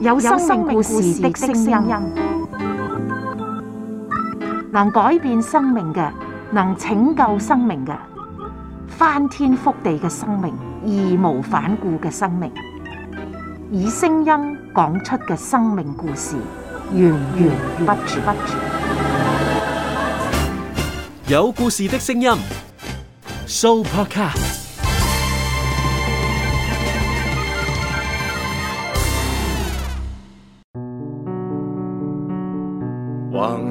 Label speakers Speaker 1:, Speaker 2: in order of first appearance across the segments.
Speaker 1: 有生命故事的聲音，能改變生命嘅，能拯救生命嘅，翻天覆地嘅生命，義無反顧嘅生命，以聲音講出嘅生命故事，源源不絕。有故事的聲音，Supercar。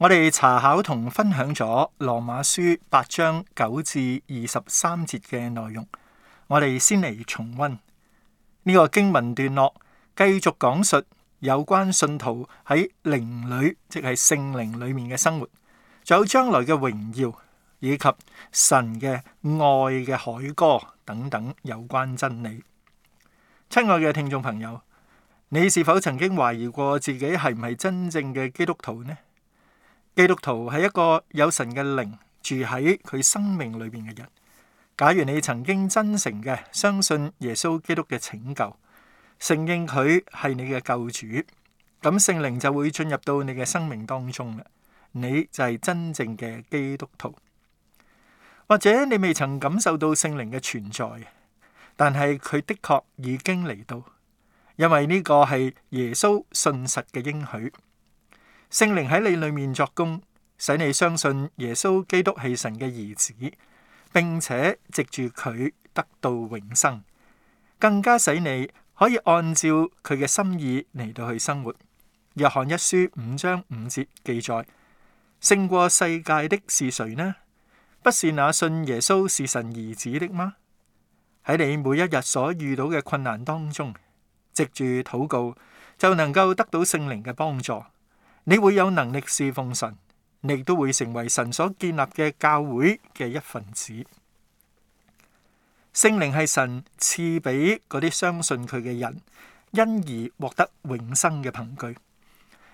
Speaker 1: 我哋查考同分享咗《羅馬書》八章九至二十三節嘅內容，我哋先嚟重溫呢個經文段落，繼續講述有關信徒喺靈裏，即係聖靈裏面嘅生活，仲有將來嘅榮耀以及神嘅愛嘅海歌等等有關真理。親愛嘅聽眾朋友，你是否曾經懷疑過自己係唔係真正嘅基督徒呢？基督徒係一個有神嘅靈住喺佢生命裏面嘅人。假如你曾經真誠嘅相信耶穌基督嘅拯救，承認佢係你嘅救主，咁聖靈就會進入到你嘅生命當中啦。你就係真正嘅基督徒。或者你未曾感受到聖靈嘅存在，但係佢的確已經嚟到，因為呢個係耶穌信實嘅應許。聖靈喺你裏面作工，使你相信耶穌基督係神嘅兒子，並且藉住佢得到永生，更加使你可以按照佢嘅心意嚟到去生活。約翰一書五章五節記載：勝過世界的是誰呢？不是那信耶穌是神兒子的嗎？喺你每一日所遇到嘅困難當中，藉住禱告就能夠得到聖靈嘅幫助。你會有能力侍奉神，你亦都會成為神所建立嘅教會嘅一份子。聖靈係神賜俾嗰啲相信佢嘅人，因而獲得永生嘅憑據。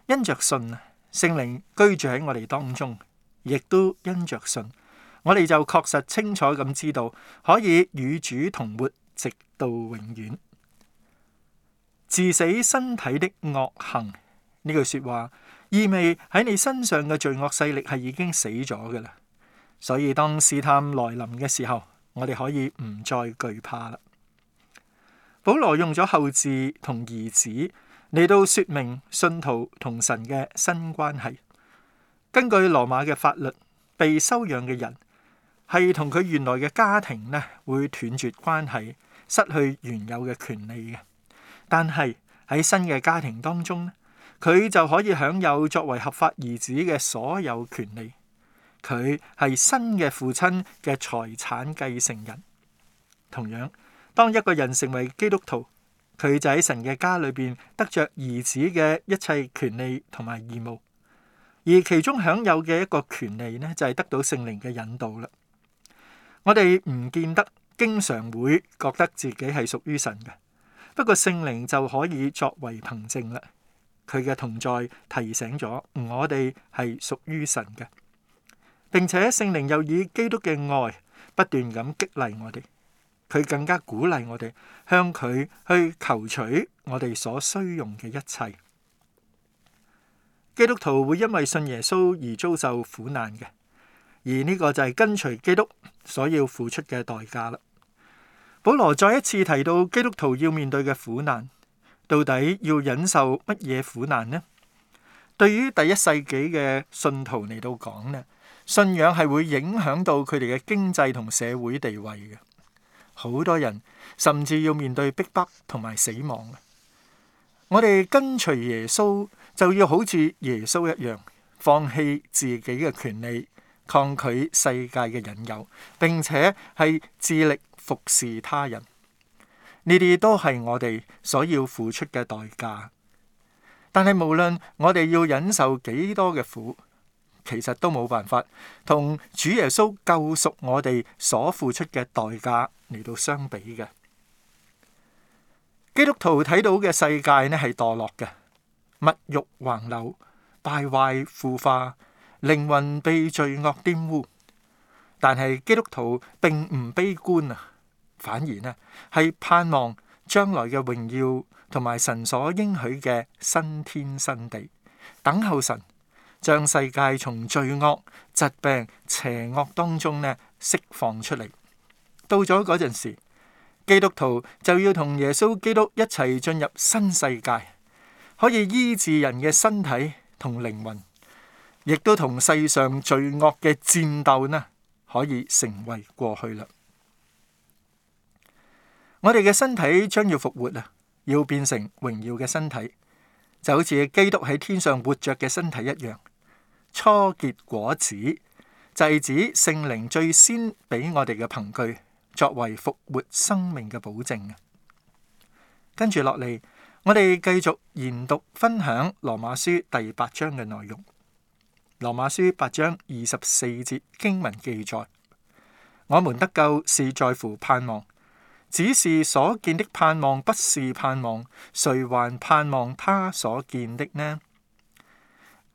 Speaker 1: 因着信啊，聖靈居住喺我哋當中，亦都因着信，我哋就確實清楚咁知道，可以與主同活，直到永遠。治死身體的惡行呢句說話，意味喺你身上嘅罪惡勢力係已經死咗嘅啦，所以當試探來臨嘅時候，我哋可以唔再懼怕啦。保羅用咗後字同兒子嚟到說明信徒同神嘅新關係。根據羅馬嘅法律，被收養嘅人係同佢原來嘅家庭咧會斷絕關係，失去原有嘅權利嘅。但係喺新嘅家庭當中佢就可以享有作為合法兒子嘅所有權利。佢係新嘅父親嘅財產繼承人。同樣，當一個人成為基督徒，佢就喺神嘅家裏邊得着兒子嘅一切權利同埋義務。而其中享有嘅一個權利呢，就係得到聖靈嘅引導啦。我哋唔見得經常會覺得自己係屬於神嘅，不過聖靈就可以作為憑證啦。佢嘅同在提醒咗我哋係屬於神嘅，並且聖靈又以基督嘅愛不斷咁激勵我哋，佢更加鼓勵我哋向佢去求取我哋所需用嘅一切。基督徒會因為信耶穌而遭受苦難嘅，而呢個就係跟隨基督所要付出嘅代價啦。保羅再一次提到基督徒要面對嘅苦難。到底要忍受乜嘢苦難呢？對於第一世紀嘅信徒嚟到講呢，信仰係會影響到佢哋嘅經濟同社會地位嘅，好多人甚至要面對逼迫同埋死亡。我哋跟隨耶穌就要好似耶穌一樣，放棄自己嘅權利，抗拒世界嘅引誘，並且係致力服侍他人。呢啲都係我哋所要付出嘅代價，但係無論我哋要忍受幾多嘅苦，其實都冇辦法同主耶穌救贖我哋所付出嘅代價嚟到相比嘅。基督徒睇到嘅世界呢係墮落嘅，物欲橫流、敗壞腐化，靈魂被罪惡玷污。但係基督徒並唔悲觀啊！反而呢，係盼望將來嘅榮耀同埋神所應許嘅新天新地，等候神將世界從罪惡、疾病、邪惡當中呢釋放出嚟，到咗嗰陣時，基督徒就要同耶穌基督一齊進入新世界，可以醫治人嘅身體同靈魂，亦都同世上罪惡嘅戰鬥呢，可以成為過去嘞。我哋嘅身體將要復活啊，要變成榮耀嘅身體，就好似基督喺天上活着嘅身體一樣。初結果子就係指聖靈最先俾我哋嘅憑據，作為復活生命嘅保證啊。跟住落嚟，我哋繼續研讀分享羅馬書第八章嘅內容。羅馬書八章二十四節經文記載：「我們得救，是在乎盼望。只是所見的盼望不是盼望，誰還盼望他所見的呢？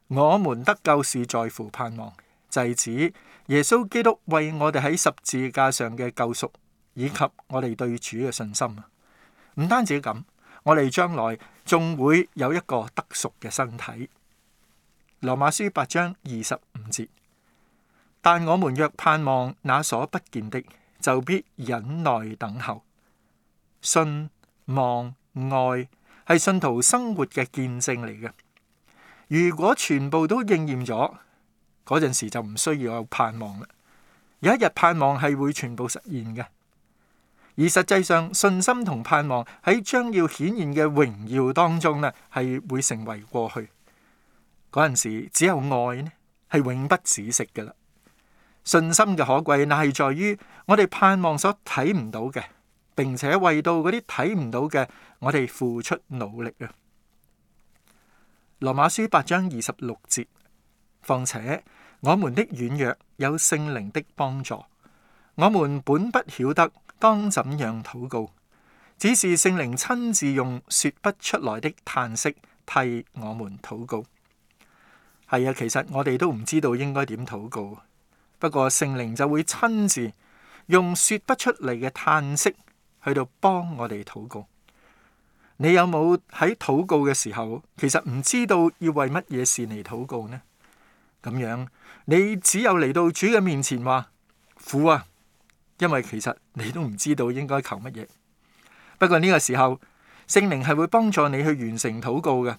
Speaker 1: 我們得救是在乎盼望，就係指耶穌基督為我哋喺十字架上嘅救贖，以及我哋對主嘅信心。唔單止咁，我哋將來仲會有一個得贖嘅身體。羅馬書八章二十五節，但我們若盼望那所不見的。就必忍耐等候，信望愛係信徒生活嘅見證嚟嘅。如果全部都應驗咗，嗰陣時就唔需要有盼望啦。有一日盼望係會全部實現嘅，而實際上信心同盼望喺將要顯現嘅榮耀當中呢，係會成為過去。嗰陣時只有愛呢係永不止息嘅啦。信心嘅可貴，乃係在於我哋盼望所睇唔到嘅，並且為到嗰啲睇唔到嘅，我哋付出努力啊。羅馬書八章二十六節，況且我們的軟弱有聖靈的幫助，我們本不曉得當怎樣禱告，只是聖靈親自用說不出來的嘆息替我們禱告。係啊，其實我哋都唔知道應該點禱告。不過聖靈就會親自用說不出來嘅嘆息去到幫我哋禱告。你有冇喺禱告嘅時候，其實唔知道要為乜嘢事嚟禱告呢？咁樣你只有嚟到主嘅面前話苦啊，因為其實你都唔知道應該求乜嘢。不過呢個時候，聖靈係會幫助你去完成禱告嘅，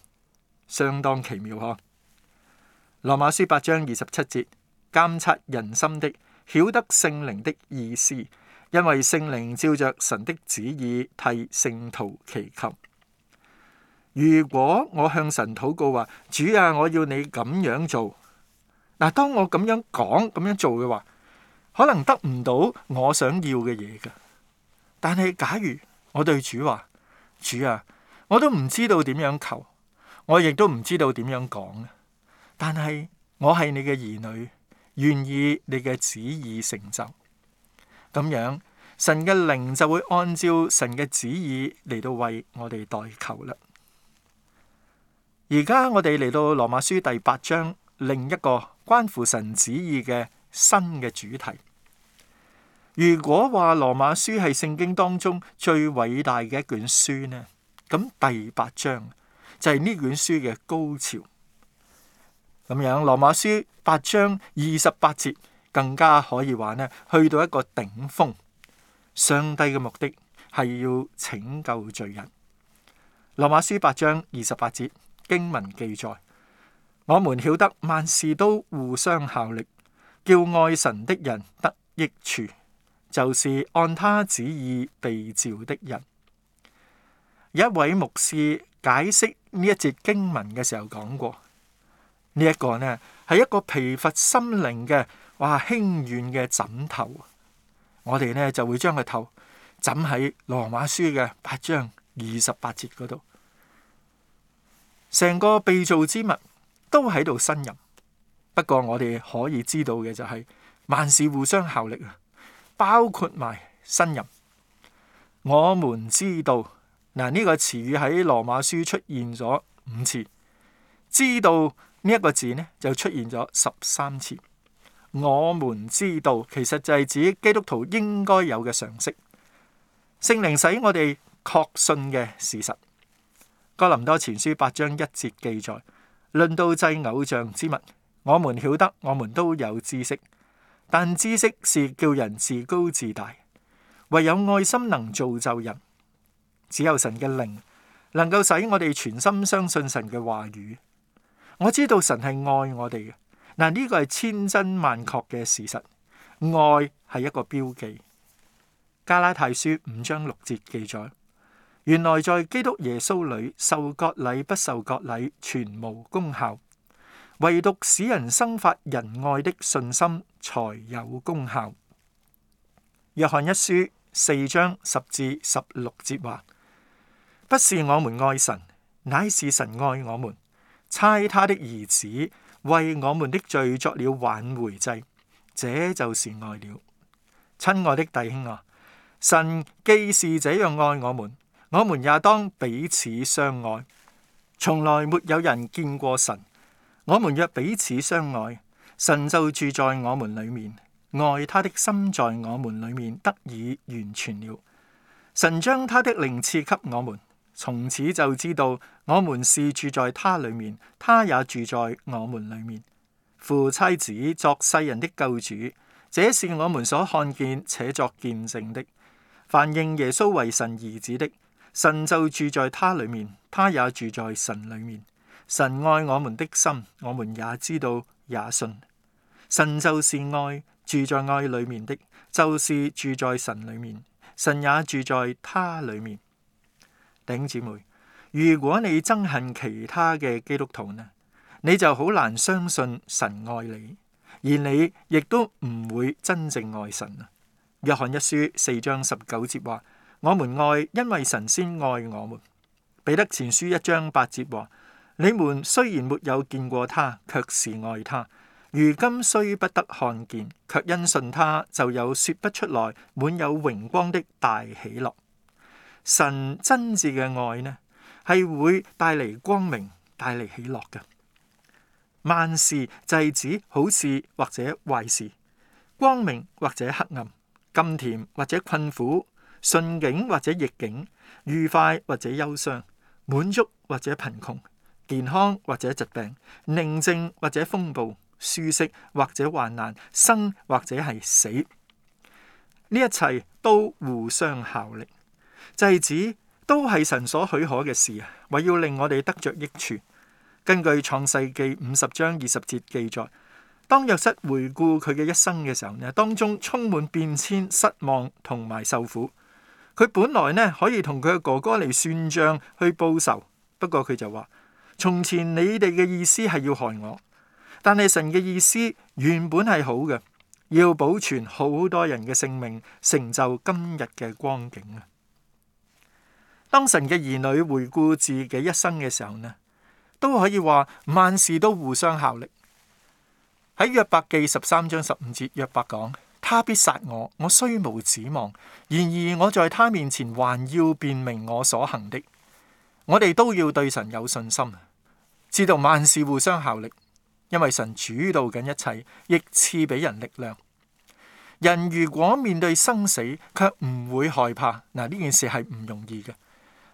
Speaker 1: 相當奇妙呵。羅馬書八章二十七節。監察人心的，曉得聖靈的意思，因為聖靈照着神的旨意替聖徒祈求。如果我向神禱告話，主啊，我要你咁樣做。嗱，當我咁樣講，咁樣做嘅話，可能得唔到我想要嘅嘢噶。但係假如我對主話，主啊，我都唔知道點樣求，我亦都唔知道點樣講。但係我係你嘅兒女。願意你嘅旨意成就，咁樣神嘅靈就會按照神嘅旨意嚟到為我哋代求啦。而家我哋嚟到羅馬書第八章，另一個關乎神旨意嘅新嘅主題。如果話羅馬書係聖經當中最偉大嘅一卷書呢，咁第八章就係呢卷書嘅高潮。咁樣《羅馬書》八章二十八節更加可以話呢，去到一個頂峰。上帝嘅目的係要拯救罪人，《羅馬書》八章二十八節經文記載，我們曉得萬事都互相效力，叫愛神的人得益處，就是按他旨意被召的人。一位牧師解釋呢一節經文嘅時候講過。呢一個咧係一個疲乏心靈嘅哇輕軟嘅枕頭，我哋咧就會將個頭枕喺羅馬書嘅八章二十八節嗰度。成個被造之物都喺度呻吟，不過我哋可以知道嘅就係，萬事互相效力啊，包括埋呻吟。我們知道嗱，呢個詞語喺羅馬書出現咗五次，知道。呢一個字呢，就出現咗十三次。我們知道其實就係指基督徒應該有嘅常識，聖靈使我哋確信嘅事實。哥林多前書八章一節記載：論到祭偶像之物，我們曉得我們都有知識，但知識是叫人自高自大，唯有愛心能造就人。只有神嘅靈能夠使我哋全心相信神嘅話語。我知道神係愛我哋嘅，嗱，呢個係千真萬確嘅事實。愛係一個標記。加拉太書五章六節記載：原來在基督耶穌裏受割禮不受割禮全無功效，唯獨使人生發仁愛的信心才有功效。約翰一書四章十至十六節話：不是我們愛神，乃是神愛我們。差他的兒子為我們的罪作了挽回祭，這就是愛了。親愛的弟兄啊，神既是這樣愛我們，我們也當彼此相愛。從來沒有人見過神，我們若彼此相愛，神就住在我們裡面，愛他的心在我們裡面得以完全了。神將他的靈賜給我們。從此就知道我們是住在他裡面，他也住在我們裡面。父差子作世人的救主，這是我們所看見且作見證的。凡認耶穌為神兒子的，神就住在他裡面，他也住在神裡面。神愛我們的心，我們也知道也信。神就是愛，住在愛裡面的，就是住在神裡面。神也住在他裡面。弟兄姊妹，如果你憎恨其他嘅基督徒呢，你就好難相信神愛你，而你亦都唔會真正愛神啊！約翰一書四章十九節話：，我們愛，因為神先愛我們。彼得前書一章八節話：，你們雖然沒有見過他，卻是愛他；如今雖不得看見，卻因信他就有說不出來滿有榮光的大喜樂。神真摯嘅愛呢，係會帶嚟光明，帶嚟喜樂嘅。萬事就係指，好事或者壞事，光明或者黑暗，甘甜或者困苦，順境或者逆境，愉快或者憂傷，滿足或者貧窮，健康或者疾病，寧靜或者風暴，舒適或者患難，生或者係死，呢一切都互相效力。弟子都係神所許可嘅事啊，為要令我哋得着益處。根據創世記五十章二十節記載，當約瑟回顧佢嘅一生嘅時候咧，當中充滿變遷、失望同埋受苦。佢本來咧可以同佢嘅哥哥嚟算賬、去報仇，不過佢就話：從前你哋嘅意思係要害我，但係神嘅意思原本係好嘅，要保存好多人嘅性命，成就今日嘅光景啊。當神嘅兒女回顧自己一生嘅時候呢，都可以話萬事都互相效力。喺約伯記十三章十五節，約伯講：他必殺我，我雖無指望；然而我在他面前還要辨明我所行的。我哋都要對神有信心，知道萬事互相效力，因為神主導緊一切，亦賜俾人力量。人如果面對生死，卻唔會害怕。嗱，呢件事係唔容易嘅。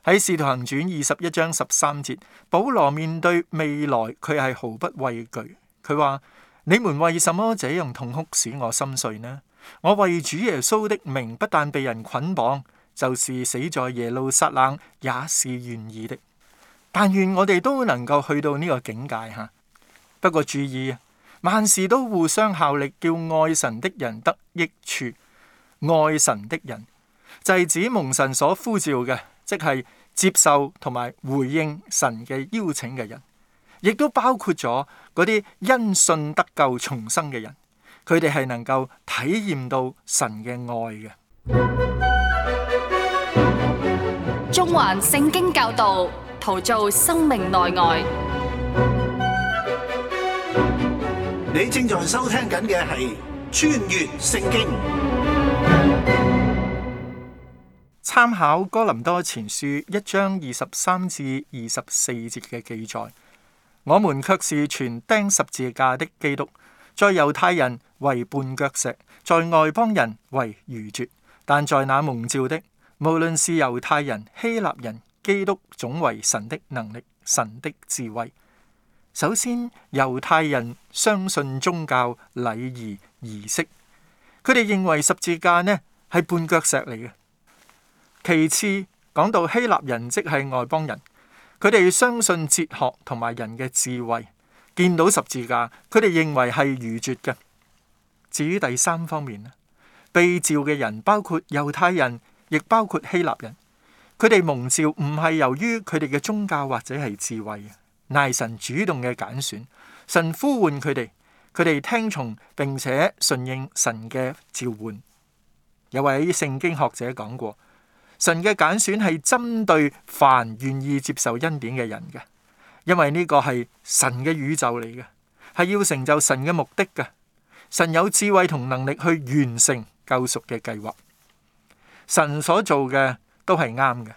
Speaker 1: 喺《使徒行傳》二十一章十三節，保羅面對未來佢係毫不畏懼。佢話：你們為什麼這樣痛哭，使我心碎呢？我為主耶穌的名不但被人捆綁，就是死在耶路撒冷也是願意的。但願我哋都能夠去到呢個境界吓。不過注意啊，萬事都互相效力，叫愛神的人得益處。愛神的人，就係、是、指蒙神所呼召嘅。即係接受同埋回應神嘅邀請嘅人，亦都包括咗嗰啲因信得救重生嘅人，佢哋係能夠體驗到神嘅愛嘅。中環聖經教導，陶造生命內外。你正在收聽緊嘅係《穿越聖經》。參考哥林多前書一章二十三至二十四節嘅記載，我們卻是傳釘十字架的基督，在猶太人為絆腳石，在外邦人為愚拙，但在那蒙召的，無論是猶太人、希臘人、基督，總為神的能力、神的智慧。首先，猶太人相信宗教禮儀儀式，佢哋認為十字架呢係絆腳石嚟嘅。其次，講到希臘人即係外邦人，佢哋相信哲學同埋人嘅智慧，見到十字架，佢哋認為係愚拙嘅。至於第三方面咧，被召嘅人包括猶太人，亦包括希臘人，佢哋蒙召唔係由於佢哋嘅宗教或者係智慧，乃神主動嘅揀選，神呼喚佢哋，佢哋聽從並且順應神嘅召喚。有位聖經學者講過。神嘅揀選係針對凡願意接受恩典嘅人嘅，因為呢個係神嘅宇宙嚟嘅，係要成就神嘅目的嘅。神有智慧同能力去完成救贖嘅計劃。神所做嘅都係啱嘅，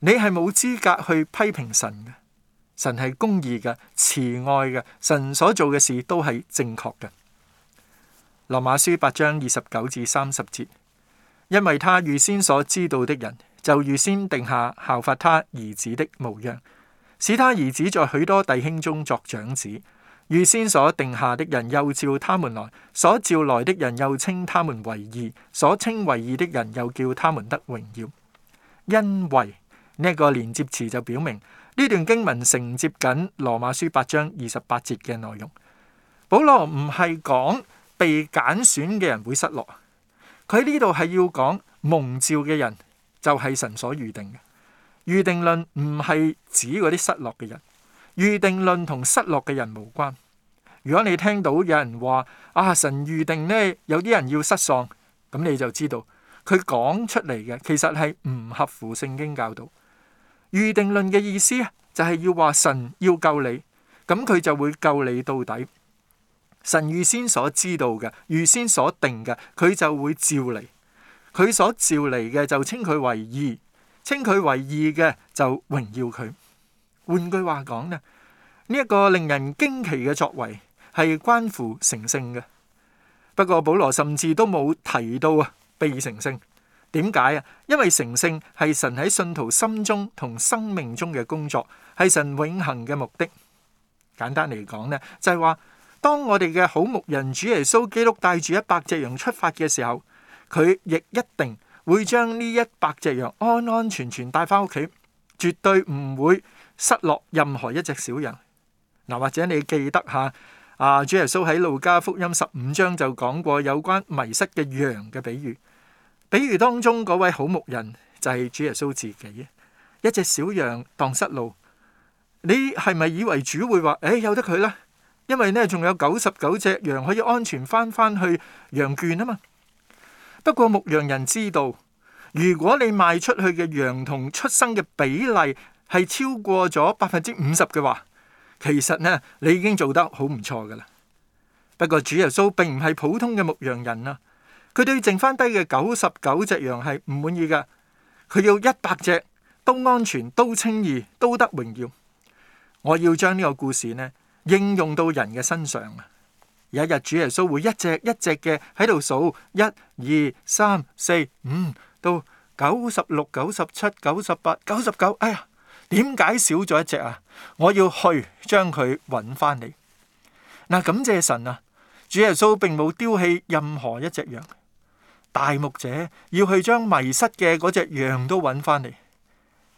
Speaker 1: 你係冇資格去批評神嘅。神係公義嘅、慈愛嘅，神所做嘅事都係正確嘅。羅馬書八章二十九至三十節。因為他預先所知道的人，就預先定下效法他兒子的模樣，使他兒子在許多弟兄中作長子。預先所定下的人又召他們來，所召來的人又稱他們為義，所稱為義的人又叫他們得榮耀。因為呢個連接詞就表明呢段經文承接緊羅馬書八章二十八節嘅內容。保羅唔係講被揀選嘅人會失落。佢呢度係要講蒙召嘅人就係神所預定嘅。預定論唔係指嗰啲失落嘅人。預定論同失落嘅人無關。如果你聽到有人話啊，神預定呢，有啲人要失喪，咁你就知道佢講出嚟嘅其實係唔合乎聖經教導。預定論嘅意思就係要話神要救你，咁佢就會救你到底。神預先所知道嘅，預先所定嘅，佢就會召嚟。佢所召嚟嘅就稱佢為義，稱佢為義嘅就榮耀佢。換句話講呢，呢一個令人驚奇嘅作為係關乎成聖嘅。不過保羅甚至都冇提到啊，被成聖點解啊？因為成聖係神喺信徒心中同生命中嘅工作，係神永恆嘅目的。簡單嚟講呢，就係、是、話。當我哋嘅好牧人主耶穌基督帶住一百隻羊出發嘅時候，佢亦一定會將呢一百隻羊安安全全帶翻屋企，絕對唔會失落任何一隻小羊。嗱，或者你記得吓，啊，主耶穌喺路加福音十五章就講過有關迷失嘅羊嘅比喻，比喻當中嗰位好牧人就係主耶穌自己，一隻小羊蕩失路，你係咪以為主會話，誒、哎，由得佢啦？因為咧，仲有九十九隻羊可以安全翻翻去羊圈啊嘛。不過牧羊人知道，如果你賣出去嘅羊同出生嘅比例係超過咗百分之五十嘅話，其實咧你已經做得好唔錯噶啦。不過主耶穌並唔係普通嘅牧羊人啊，佢對剩翻低嘅九十九隻羊係唔滿意噶，佢要一百隻都安全、都稱義、都得榮耀。我要將呢個故事咧。應用到人嘅身上啊！有一日主耶穌會一隻一隻嘅喺度數一、二、三、四、五到九十六、九十七、九十八、九十九。哎呀，點解少咗一隻啊？我要去將佢揾翻嚟。嗱，感謝神啊！主耶穌並冇丟棄任何一隻羊。大牧者要去將迷失嘅嗰隻羊都揾翻嚟。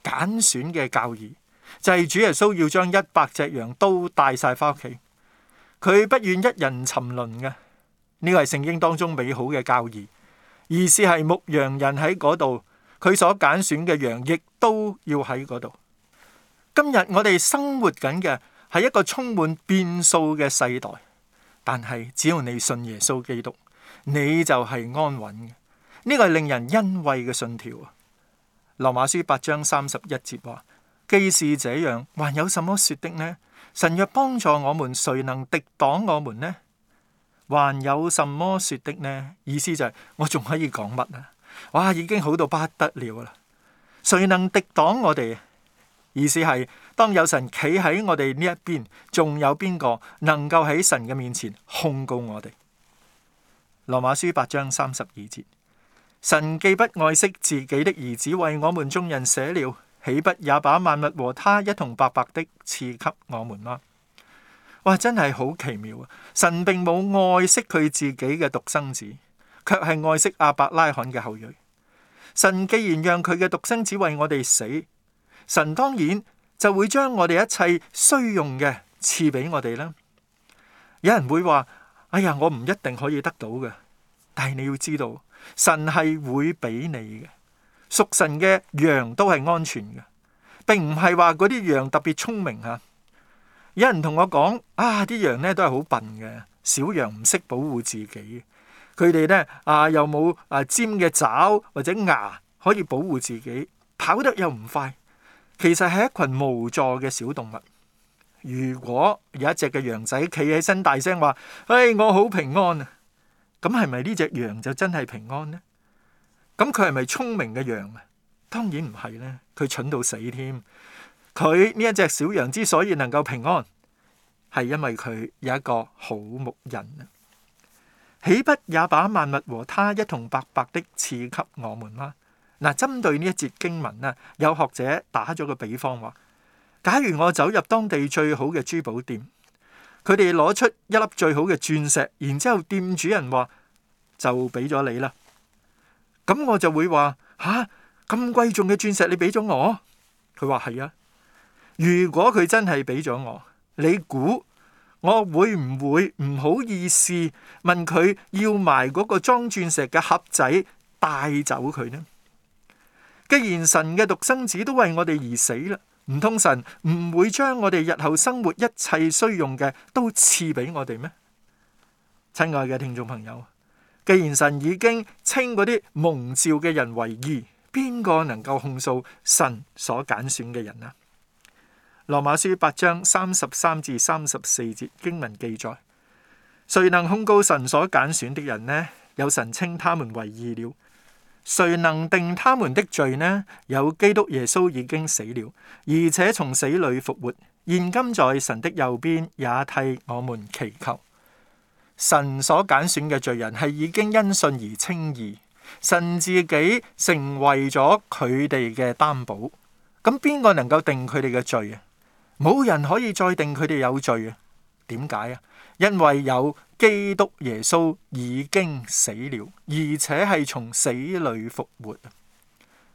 Speaker 1: 揀選嘅教義。就係主耶穌要將一百隻羊都帶晒翻屋企，佢不願一人沉淪嘅。呢個係聖經當中美好嘅教義，意思係牧羊人喺嗰度，佢所揀選嘅羊亦都要喺嗰度。今日我哋生活緊嘅係一個充滿變數嘅世代，但係只要你信耶穌基督，你就係安穩嘅。呢個係令人欣慰嘅信條啊！羅馬書八章三十一節話。既是這樣，還有什麼說的呢？神若幫助我們，誰能敵擋我們呢？還有什麼說的呢？意思就係、是、我仲可以講乜啊？哇，已經好到不得了啦！誰能敵擋我哋？意思係當有神企喺我哋呢一邊，仲有邊個能夠喺神嘅面前控告我哋？羅馬書八章三十二節：神既不愛惜自己的兒子為我們眾人捨了。豈不也把萬物和他一同白白的賜給我們嗎？哇，真係好奇妙啊！神並冇愛惜佢自己嘅獨生子，卻係愛惜亞伯拉罕嘅後裔。神既然讓佢嘅獨生子為我哋死，神當然就會將我哋一切需用嘅賜俾我哋啦。有人會話：哎呀，我唔一定可以得到嘅。但係你要知道，神係會俾你嘅。屬神嘅羊都係安全嘅，並唔係話嗰啲羊特別聰明啊！有人同我講：啊，啲羊咧都係好笨嘅，小羊唔識保護自己，佢哋咧啊又冇啊尖嘅爪或者牙可以保護自己，跑得又唔快，其實係一群無助嘅小動物。如果有一隻嘅羊仔企起身大聲話：唉、哎，我好平安啊！咁係咪呢隻羊就真係平安呢？咁佢係咪聰明嘅羊啊？當然唔係咧，佢蠢到死添。佢呢一隻小羊之所以能夠平安，係因為佢有一個好牧人啊。豈不也把萬物和他一同白白的賜給我們嗎？嗱，針對呢一節經文啊，有學者打咗個比方話：假如我走入當地最好嘅珠寶店，佢哋攞出一粒最好嘅鑽石，然之後店主人話：就俾咗你啦。咁我就會話吓，咁貴重嘅鑽石你俾咗我？佢話係啊。如果佢真係俾咗我，你估我會唔會唔好意思問佢要埋嗰個裝鑽石嘅盒仔帶走佢呢？既然神嘅獨生子都為我哋而死啦，唔通神唔會將我哋日後生活一切需用嘅都賜俾我哋咩？親愛嘅聽眾朋友。既然神已經稱嗰啲蒙召嘅人為義，邊個能夠控訴神所揀選嘅人呀？羅馬書八章三十三至三十四節經文記載：誰能控告神所揀選的人呢？有神稱他們為義了。誰能定他們的罪呢？有基督耶穌已經死了，而且從死裏復活，現今在神的右邊，也替我們祈求。.神所揀選嘅罪人係已經因信而稱義，神自己成為咗佢哋嘅擔保。咁邊個能夠定佢哋嘅罪啊？冇人可以再定佢哋有罪啊。點解啊？因為有基督耶穌已經死了，而且係從死裏復活。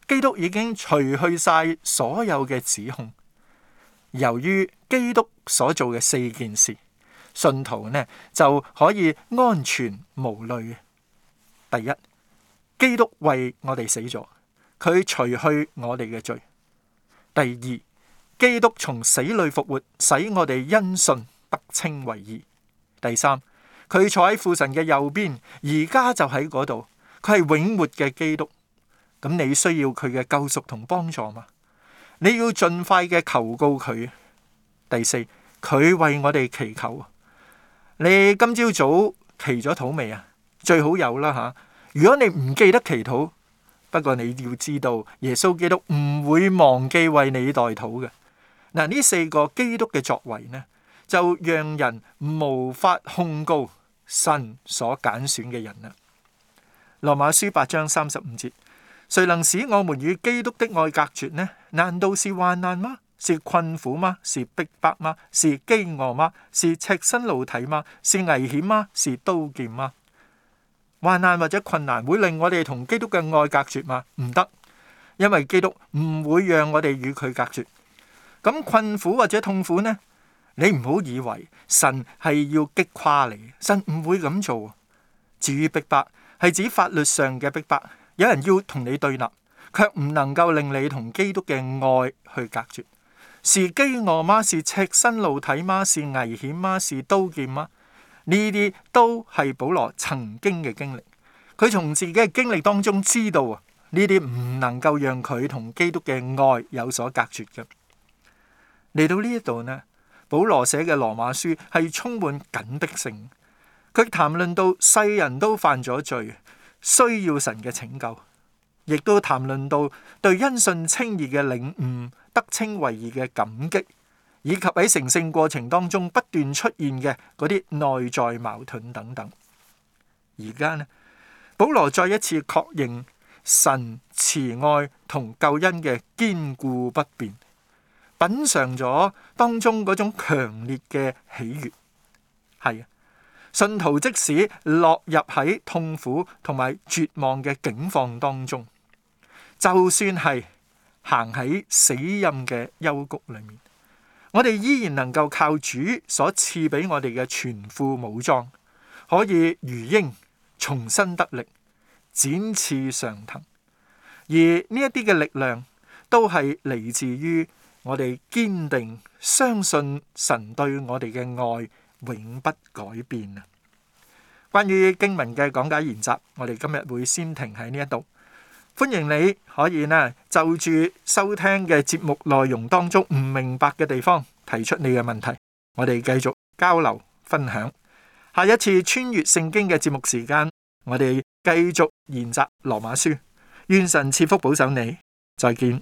Speaker 1: 基督已經除去晒所有嘅指控，由於基督所做嘅四件事。信徒呢就可以安全無慮。第一，基督為我哋死咗，佢除去我哋嘅罪。第二，基督從死裏復活，使我哋因信不稱為義。第三，佢坐喺父神嘅右邊，而家就喺嗰度，佢係永活嘅基督。咁你需要佢嘅救贖同幫助嘛？你要盡快嘅求告佢。第四，佢為我哋祈求。你今朝早祈咗禱未啊？最好有啦吓。如果你唔記得祈禱，不過你要知道，耶穌基督唔會忘記為你代禱嘅。嗱，呢四個基督嘅作為呢，就讓人無法控告神所揀選嘅人啦。羅馬書八章三十五節，誰能使我們與基督的愛隔絕呢？難道是患難嗎？是困苦嗎？是逼迫嗎？是饑餓嗎？是赤身露體嗎？是危險嗎？是刀劍嗎？患難或者困難會令我哋同基督嘅愛隔絕嗎？唔得，因為基督唔會讓我哋與佢隔絕。咁困苦或者痛苦呢？你唔好以為神係要擊垮你，神唔會咁做。至於逼迫，係指法律上嘅逼迫，有人要同你對立，卻唔能夠令你同基督嘅愛去隔絕。是飢餓嗎？是赤身露體嗎？是危險嗎？是刀劍嗎？呢啲都係保羅曾經嘅經歷。佢從自己嘅經歷當中知道啊，呢啲唔能夠讓佢同基督嘅愛有所隔絕嘅。嚟到呢一度呢，保羅寫嘅羅馬書係充滿緊迫性。佢談論到世人都犯咗罪，需要神嘅拯救。亦都談論到對因信稱義嘅領悟、得稱為義嘅感激，以及喺成聖過程當中不斷出現嘅嗰啲內在矛盾等等。而家呢，保羅再一次確認神慈愛同救恩嘅堅固不變，品嘗咗當中嗰種強烈嘅喜悅。係啊，信徒即使落入喺痛苦同埋絕望嘅境況當中。就算係行喺死蔭嘅幽谷裏面，我哋依然能夠靠主所賜俾我哋嘅全副武裝，可以如鷹重新得力，展翅上騰。而呢一啲嘅力量，都係嚟自於我哋堅定相信神對我哋嘅愛永不改變啊！關於經文嘅講解研習，我哋今日會先停喺呢一度。歡迎你可以呢就住收聽嘅節目內容當中唔明白嘅地方提出你嘅問題，我哋繼續交流分享。下一次穿越聖經嘅節目時間，我哋繼續研習羅馬書。願神賜福保守你。再見。